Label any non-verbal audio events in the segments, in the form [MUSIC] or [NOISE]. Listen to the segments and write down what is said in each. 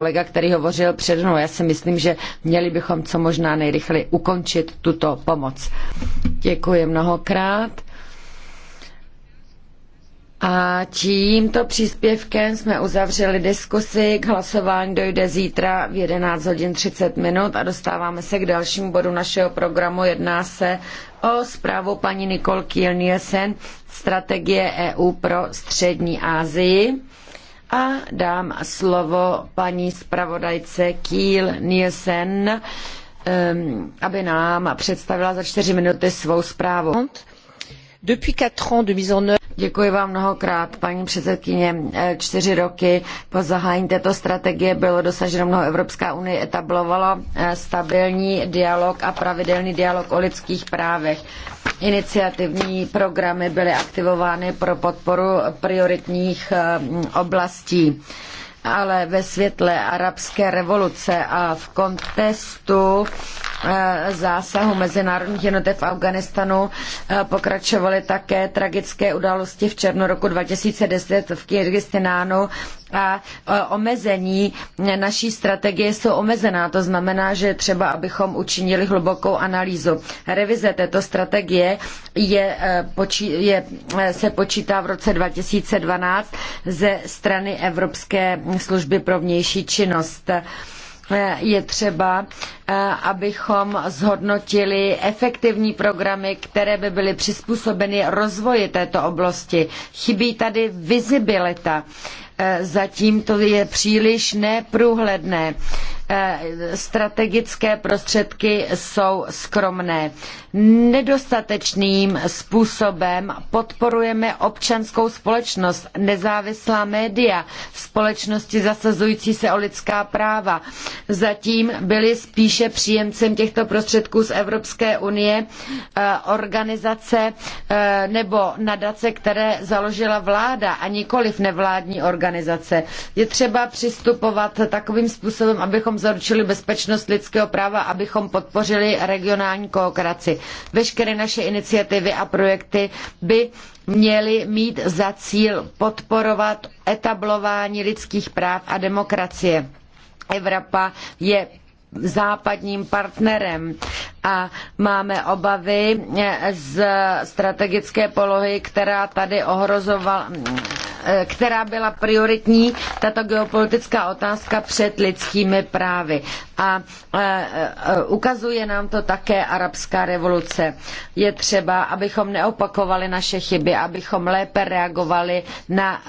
kolega, který hovořil před mnou. Já si myslím, že měli bychom co možná nejrychleji ukončit tuto pomoc. Děkuji mnohokrát. A tímto příspěvkem jsme uzavřeli diskusi. K hlasování dojde zítra v 11 hodin 30 minut a dostáváme se k dalšímu bodu našeho programu. Jedná se o zprávu paní Nikol Kiel Nielsen, strategie EU pro střední Asii a dám slovo paní zpravodajce Kiel Nielsen, ehm, aby nám představila za čtyři minuty svou zprávu. Depuis ans de mise en œuvre Děkuji vám mnohokrát, paní předsedkyně. Čtyři roky po zahájení této strategie bylo dosaženo mnoho. Evropská unie etablovala eh, stabilní dialog a pravidelný dialog o lidských právech. Iniciativní programy byly aktivovány pro podporu prioritních eh, oblastí ale ve světle arabské revoluce a v kontextu Eh, zásahu mezinárodních jednotek v Afganistanu eh, pokračovaly také tragické události v červnu roku 2010 v Kyrgyzstánu a eh, omezení naší strategie jsou omezená. To znamená, že třeba, abychom učinili hlubokou analýzu. Revize této strategie je, je, se počítá v roce 2012 ze strany Evropské služby pro vnější činnost. Eh, je třeba, eh, abychom zhodnotili efektivní programy, které by byly přizpůsobeny rozvoji této oblasti. Chybí tady vizibilita. Eh, zatím to je příliš neprůhledné. Eh, strategické prostředky jsou skromné. Nedostatečným způsobem podporujeme občanskou společnost, nezávislá média, společnosti zasazující se o lidská práva. Zatím byly spíše příjemcem těchto prostředků z Evropské unie eh, organizace eh, nebo nadace, které založila vláda a nikoliv nevládní organizace. Je třeba přistupovat takovým způsobem, abychom abychom zaručili bezpečnost lidského práva, abychom podpořili regionální kooperaci. Veškeré naše iniciativy a projekty by měly mít za cíl podporovat etablování lidských práv a demokracie. Evropa je západním partnerem a máme obavy z strategické polohy, která tady ohrozovala Eh, která byla prioritní, tato geopolitická otázka před lidskými právy. A eh, eh, ukazuje nám to také arabská revoluce. Je třeba, abychom neopakovali naše chyby, abychom lépe reagovali na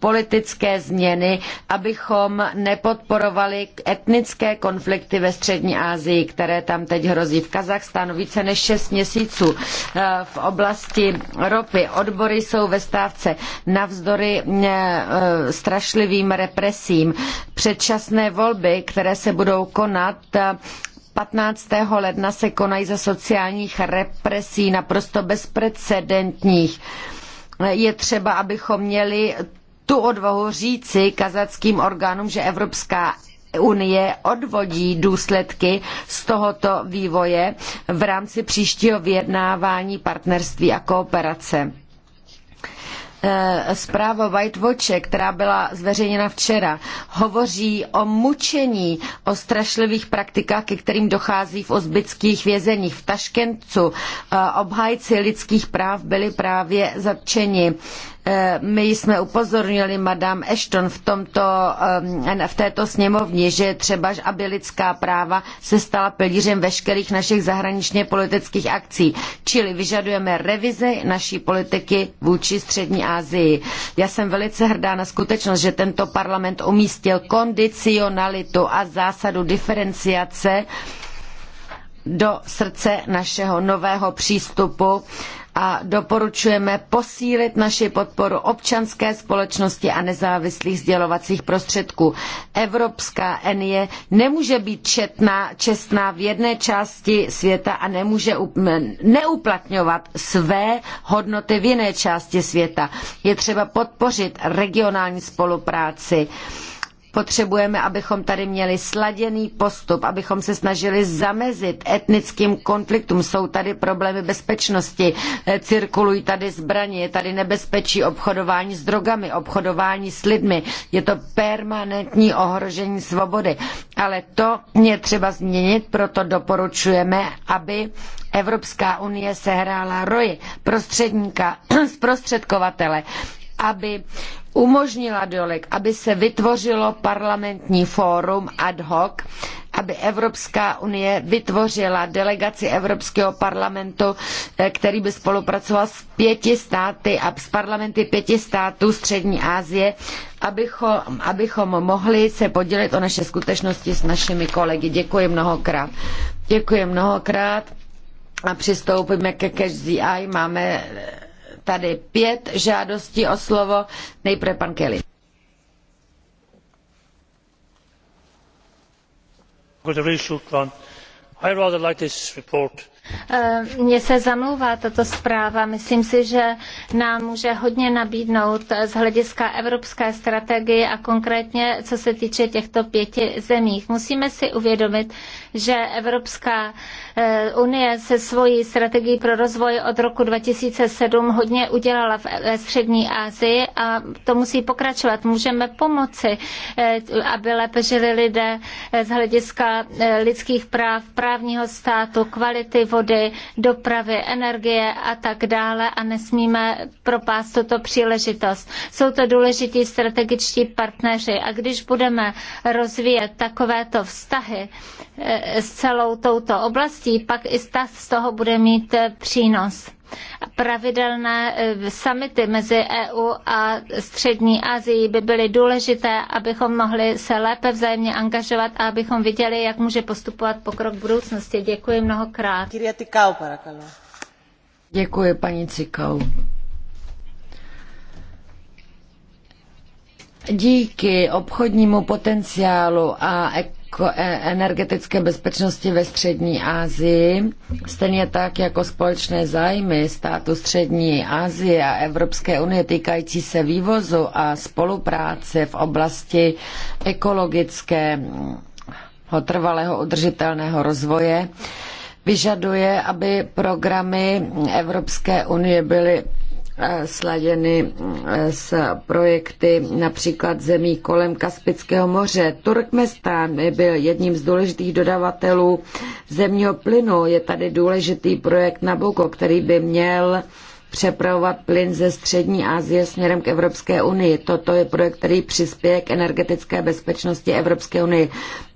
politické změny, abychom nepodporovali etnické konflikty ve střední Asii, které tam teď hrozí. V Kazachstánu více než 6 měsíců eh, v oblasti ropy. Odbory jsou ve stávce navzdory eh, eh, strašlivým represím. Předčasné volby, které se budou konat 15. ledna se konají za sociálních represí naprosto bezprecedentních. Je třeba, abychom měli tu odvahu říci kazackým orgánům, že Evropská Unie odvodí důsledky z tohoto vývoje v rámci příštího vyjednávání partnerství a kooperace. E, zpráva White Watche, která byla zveřejněna včera, hovoří o mučení, o strašlivých praktikách, ke kterým dochází v ozbických vězeních. V Taškencu e, obhájci lidských práv byli právě zatčeni Eh, my jsme upozornili Madame Ashton v, tomto, eh, v této sněmovně, že třeba, aby lidská práva se stala pilířem veškerých našich zahraničně politických akcí. Čili vyžadujeme revizi naší politiky vůči Střední Asii. Já jsem velice hrdá na skutečnost, že tento parlament umístil kondicionalitu a zásadu diferenciace do srdce našeho nového přístupu a doporučujeme posílit naši podporu občanské společnosti a nezávislých sdělovacích prostředků. Evropská Unie nemůže být četná, čestná v jedné části světa a nemůže neuplatňovat své hodnoty v jiné části světa. Je třeba podpořit regionální spolupráci Potřebujeme, abychom tady měli sladěný postup, abychom se snažili zamezit etnickým konfliktům. Jsou tady problémy bezpečnosti, eh, cirkulují tady zbraně, je tady nebezpečí obchodování s drogami, obchodování s lidmi. Je to permanentní ohrožení svobody. Ale to je třeba změnit, proto doporučujeme, aby Evropská unie sehrála roli prostředníka, [CLEARS THROAT] zprostředkovatele aby umožnila dolek, aby se vytvořilo parlamentní fórum ad hoc, aby Evropská unie vytvořila delegaci Evropského parlamentu, eh, který by spolupracoval s pěti státy a s parlamenty pěti států Střední Asie, abychom, abychom mohli se podělit o naše skutečnosti s našimi kolegy. Děkuji mnohokrát. Děkuji mnohokrát a přistoupíme ke Cash Máme eh, tady pět žádostí o slovo. Nejprve pan Kelly. I rather like this report. Eh, mě se zamlouvá tato zpráva. Myslím si, že nám může hodně nabídnout z hlediska evropské strategie a konkrétně co se týče těchto pěti zemích. Musíme si uvědomit, že Evropská eh, unie se svojí strategií pro rozvoj od roku 2007 hodně udělala ve střední Asii a to musí pokračovat. Můžeme pomoci, eh, aby lépe žili lidé z hlediska lidských práv, právního státu, kvality vody, vody, dopravy, energie a tak dále a nesmíme propást tuto příležitost. Jsou to důležití strategičtí partneři a když budeme rozvíjet takovéto vztahy eh, s celou touto oblastí, pak i stát z toho bude mít eh, přínos. Pravidelné eh, samity mezi EU a Střední Asií by byly důležité, abychom mohli se lépe vzájemně angažovat a abychom viděli, jak může postupovat pokrok v budoucnosti. Děkuji mnohokrát. Děkuji, paní Cikau. Díky obchodnímu potenciálu a k e, energetické bezpečnosti ve střední Asii, stejně tak jako společné zájmy státu střední Asie a Evropské unie týkající se vývozu a spolupráce v oblasti ekologické trvalého udržitelného rozvoje, vyžaduje, aby programy Evropské unie byly Eh, sladěny eh, s projekty například zemí kolem Kaspického moře. Turkmestán byl jedním z důležitých dodavatelů zemního plynu. Je tady důležitý projekt Nabuko, který by měl přepravovat plyn ze střední Asie směrem k Evropské unii. Toto je projekt, který přispěje k energetické bezpečnosti Evropské unie.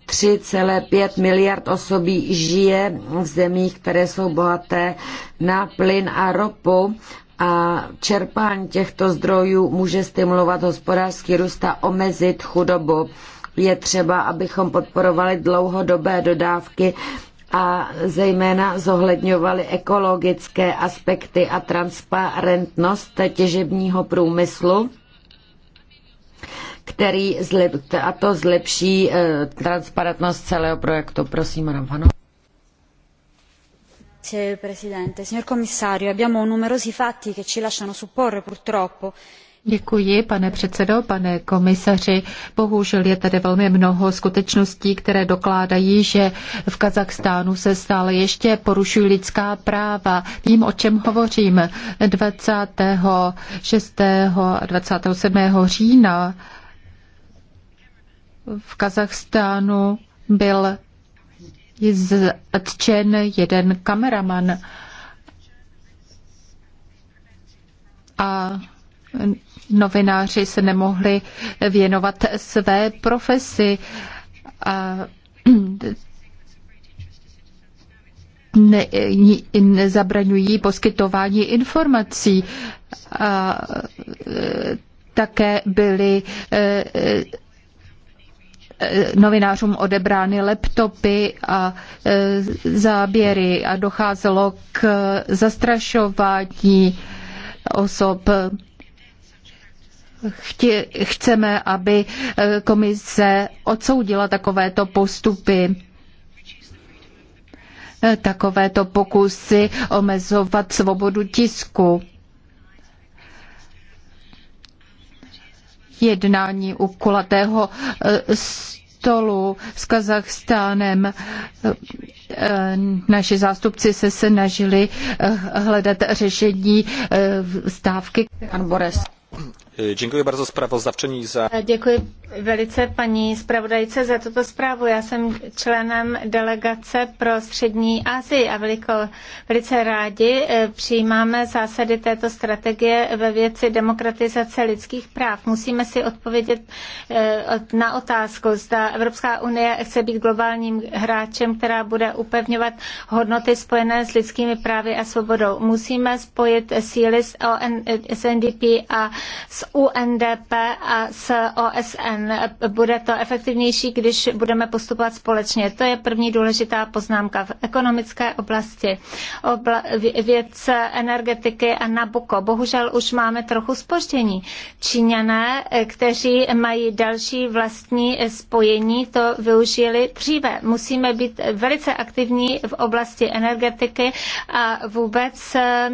3,5 miliard osobí žije v zemích, které jsou bohaté na plyn a ropu a čerpání těchto zdrojů může stimulovat hospodářský růst a omezit chudobu. Je třeba, abychom podporovali dlouhodobé dodávky a zejména zohledňovali ekologické aspekty a transparentnost těžebního průmyslu který a to zlepší eh, transparentnost celého projektu. Prosím, Ramfano signor presidente signor commissario abbiamo numerosi fatti che ci lasciano supporre purtroppo Děkuji, pane předsedo, pane komisaři. Bohužel je tady velmi mnoho skutečností, které dokládají, že v Kazachstánu se stále ještě porušují lidská práva. Tím, o čem hovořím, 26. a 27. října v Kazachstánu byl je zatčen jeden kameraman a novináři se nemohli věnovat své profesi. A ne, nezabraňují poskytování informací. A, e, také byly e, Eh, novinářům odebrány laptopy a eh, záběry a docházelo k zastrašování osob. Chtě, chceme, aby eh, komise odsoudila takovéto postupy takovéto pokusy omezovat svobodu tisku. jednání u kulatého eh, stolu s Kazachstánem. Eh, naši zástupci se snažili eh, hledat řešení stávky. Pan Bores. Děkuji bardzo sprawozdawczyni za... E, děkuji velice paní zpravodajce za tuto zprávu. Já jsem členem delegace pro střední Asii a veliko, velice rádi e, přijímáme zásady této strategie ve věci demokratizace lidských práv. Musíme si odpovědět e, na otázku, zda Evropská unie chce být globálním hráčem, která bude upevňovat hodnoty spojené s lidskými právy a svobodou. Musíme spojit síly s, ON, s NDP a s UNDP a s OSN. Bude to efektivnější, když budeme postupovat společně. To je první důležitá poznámka v ekonomické oblasti. Obla, věc energetiky a Nabuko. Bohužel už máme trochu spoždění. Číňané, eh, kteří mají další vlastní eh, spojení, to využili dříve. Musíme být velice aktivní v oblasti energetiky a vůbec eh,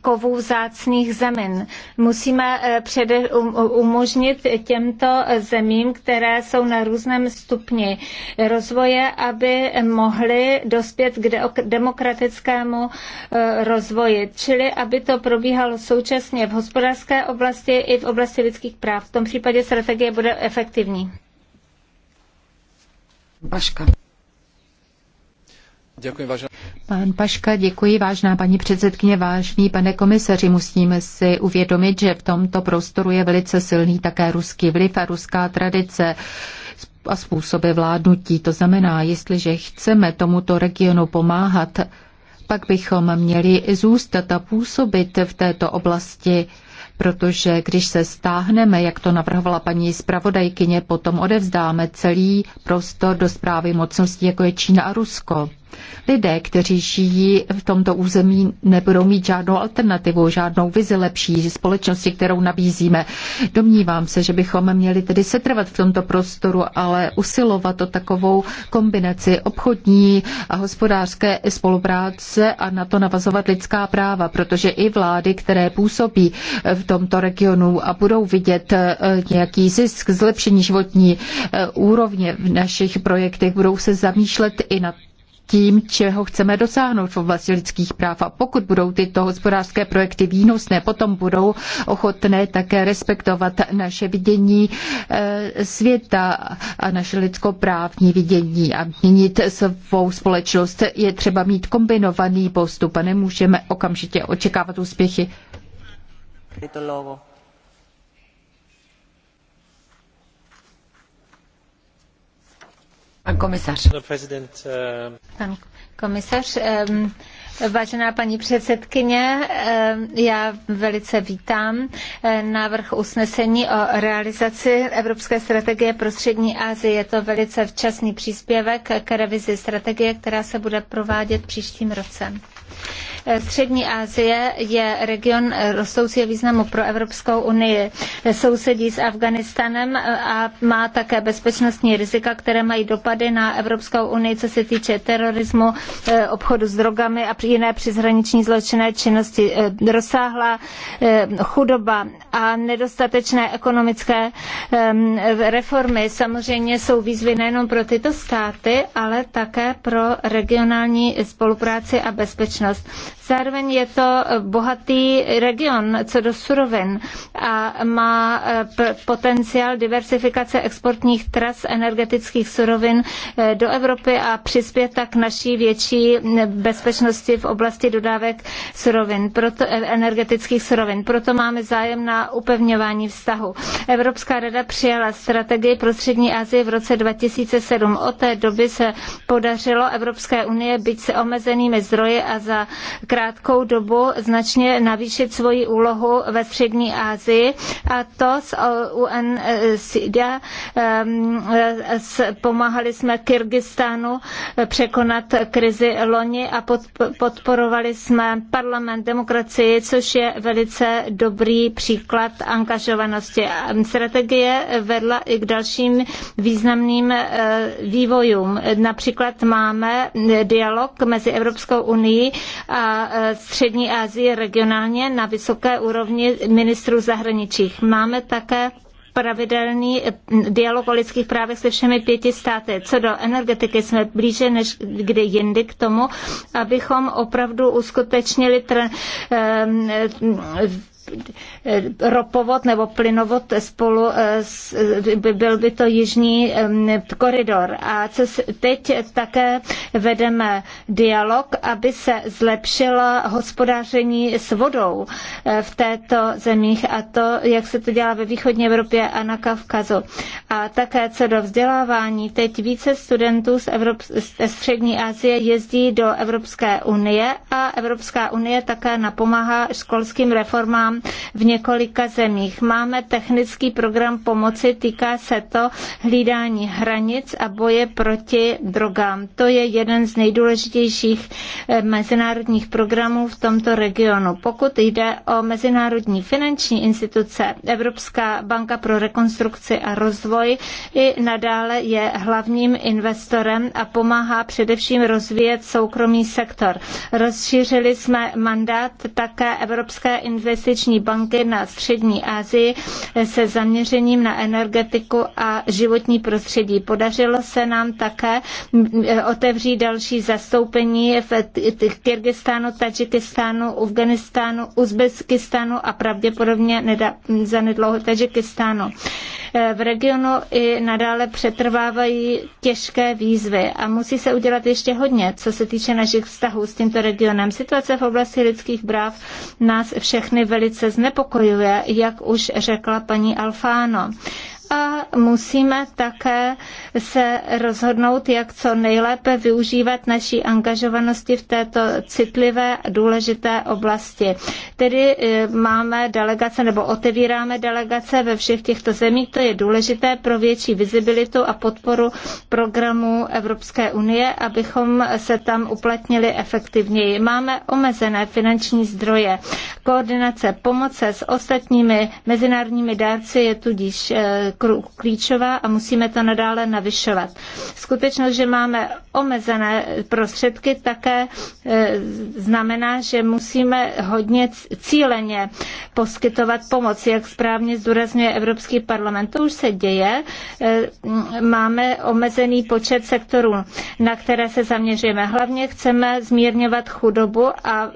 kovů vzácných zemin. Musíme musíme eh, přede, um, umožnit těmto zemím, které jsou na různém stupni rozvoje, aby mohly dospět k demokratickému eh, rozvoji, čili aby to probíhalo současně v hospodářské oblasti i v oblasti lidských práv. V tom případě strategie bude efektivní. Baška. Děkuji, vážená Pán Paška, děkuji, vážná paní předsedkyně, vážný pane komisaři. Musíme si uvědomit, že v tomto prostoru je velice silný také ruský vliv a ruská tradice a způsoby vládnutí. To znamená, jestliže chceme tomuto regionu pomáhat, pak bychom měli zůstat a působit v této oblasti protože když se stáhneme, jak to navrhovala paní zpravodajkyně, potom odevzdáme celý prostor do zprávy mocností, jako je Čína a Rusko. Lidé, kteří žijí v tomto území, nebudou mít žádnou alternativu, žádnou vizi lepší společnosti, kterou nabízíme. Domnívám se, že bychom měli tedy setrvat v tomto prostoru, ale usilovat o takovou kombinaci obchodní a hospodářské spolupráce a na to navazovat lidská práva, protože i vlády, které působí v tomto regionu a budou vidět eh, nějaký zisk, zlepšení životní eh, úrovně v našich projektech, budou se zamýšlet i nad tím, čeho chceme dosáhnout v oblasti lidských práv. A pokud budou tyto hospodářské projekty výnosné, potom budou ochotné také respektovat naše vidění eh, světa a naše lidskoprávní vidění a měnit svou společnost. Je třeba mít kombinovaný postup a nemůžeme okamžitě očekávat úspěchy. Pan komisař. Eh, Pan komisař, vážená paní předsedkyně, já velice vítám eh, návrh usnesení o realizaci Evropské strategie pro střední Asii. Je to velice včasný příspěvek k revizi strategie, která se bude provádět příštím roce. Eh, Střední Asie je region rostoucího významu pro Evropskou unii. Sousedí s Afganistanem eh, a má také bezpečnostní rizika, které mají dopady na Evropskou unii, co se týče terorismu, eh, obchodu s drogami a jiné přeshraniční zločinné činnosti. Rozsáhlá chudoba a nedostatečné ekonomické reformy samozřejmě jsou výzvy nejenom pro tyto státy, ale také pro regionální spolupráci a bezpečnost. Zároveň je to bohatý region co do surovin a má e, potenciál diversifikace exportních tras energetických surovin e, do Evropy a přispět tak naší větší bezpečnosti v oblasti dodávek surovin, proto, e, energetických surovin. Proto máme zájem na upevňování vztahu. Evropská rada přijala strategii pro střední Asii v roce 2007. Od té doby se podařilo Evropské unie, být se omezenými zdroji a za krátkou dobu značně navýšit svoji úlohu ve střední Asii a to s eh, UNCDA eh, pomáhali jsme Kyrgyzstánu eh, překonat krizi loni a podporovali jsme parlament demokracii, což je velice dobrý příklad angažovanosti. Strategie vedla i k dalším významným vývojům. Například máme dialog mezi Evropskou unii a E, střední Asii regionálně na vysoké úrovni ministrů zahraničích. Máme také pravidelný e, dialog o lidských právech se všemi pěti státy. Co do energetiky jsme blíže než kdy jindy k tomu, abychom opravdu uskutečnili tr- e, Eh, ropovod nebo plynovod spolu, eh, eh, by byl by to jižní koridor. A teď také vedeme dialog, aby se zlepšila hospodáření s vodou v této zemích a to, jak se to dělá ve východní Evropě a na Kavkazu. A také co do vzdělávání, teď více studentů z, Evrop- z střední Asie jezdí do Evropské unie a Evropská unie také napomáhá školským reformám v několika zemích. Máme technický program pomoci, týká se to hlídání hranic a boje proti drogám. To je jeden z nejdůležitějších eh, mezinárodních programů v tomto regionu. Pokud jde o mezinárodní finanční instituce, Evropská banka pro rekonstrukci a rozvoj i nadále je hlavním investorem a pomáhá především rozvíjet soukromý sektor. Rozšířili jsme mandát také Evropské investiční investiční banky na střední Asii se zaměřením na energetiku a životní prostředí. Podařilo se nám také otevřít další zastoupení v Kyrgyzstánu, Tadžikistánu, Afganistánu, Uzbekistánu a pravděpodobně zanedlouho Tadžikistánu. Eh, v regionu i nadále přetrvávají těžké výzvy a musí se udělat ještě hodně, co se týče našich vztahů s tímto regionem. Situace v oblasti lidských práv nás všechny velice znepokojuje, jak už řekla paní Alfáno a musíme také se rozhodnout, jak co nejlépe využívat naší angažovanosti v této citlivé a důležité oblasti. Tedy eh, máme delegace nebo otevíráme delegace ve všech těchto zemích. To je důležité pro větší vizibilitu a podporu programu Evropské unie, abychom se tam uplatnili efektivněji. Máme omezené finanční zdroje. Koordinace pomoce s ostatními mezinárodními dárci je tudíž eh, klíčová a musíme to nadále navyšovat. Skutečnost, že máme omezené prostředky, také e, znamená, že musíme hodně cíleně poskytovat pomoc, jak správně zdůrazňuje Evropský parlament. To už se děje. E, máme omezený počet sektorů, na které se zaměřujeme. Hlavně chceme zmírňovat chudobu a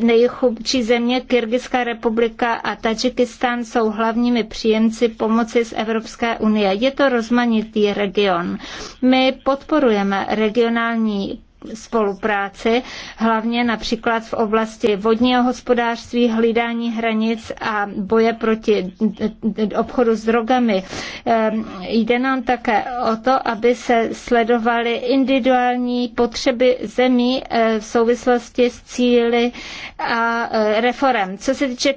nejchubčí země Kyrgyzská republika a Tadžikistán jsou hlavními příjemci pomoci z Evropské Evropské unie. Je to rozmanitý region. My podporujeme regionální spolupráci, hlavně například v oblasti vodního hospodářství, hlídání hranic a boje proti obchodu s drogami. Ehm, jde nám také o to, aby se sledovaly individuální potřeby zemí eh, v souvislosti s cíly a eh, reform. Co se týče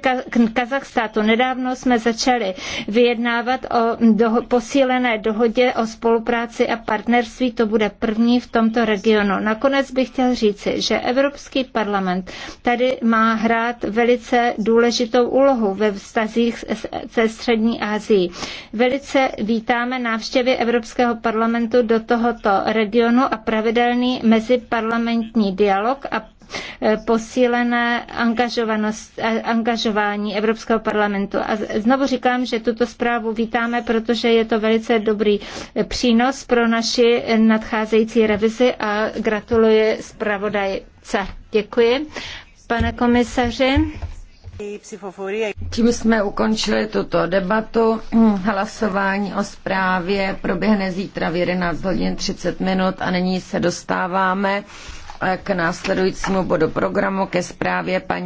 Kazachstátu, nedávno jsme začali vyjednávat o posílené dohodě o spolupráci a partnerství. To bude první v tomto regionu. Na nakonec bych chtěl říci, že Evropský parlament tady má hrát velice důležitou úlohu ve vztazích se Střední Asií. Velice vítáme návštěvy Evropského parlamentu do tohoto regionu a pravidelný meziparlamentní dialog a Eh, posílené angažovanost, eh, angažování Evropského parlamentu. A znovu říkám, že tuto zprávu vítáme, protože je to velice dobrý eh, přínos pro naši nadcházející revizi a gratuluji zpravodajce. Děkuji. Pane komisaři. Tím jsme ukončili tuto debatu. Hmm, hlasování o zprávě proběhne zítra v 11 hodin 30 minut a nyní se dostáváme k následujícímu bodu programu ke zprávě paní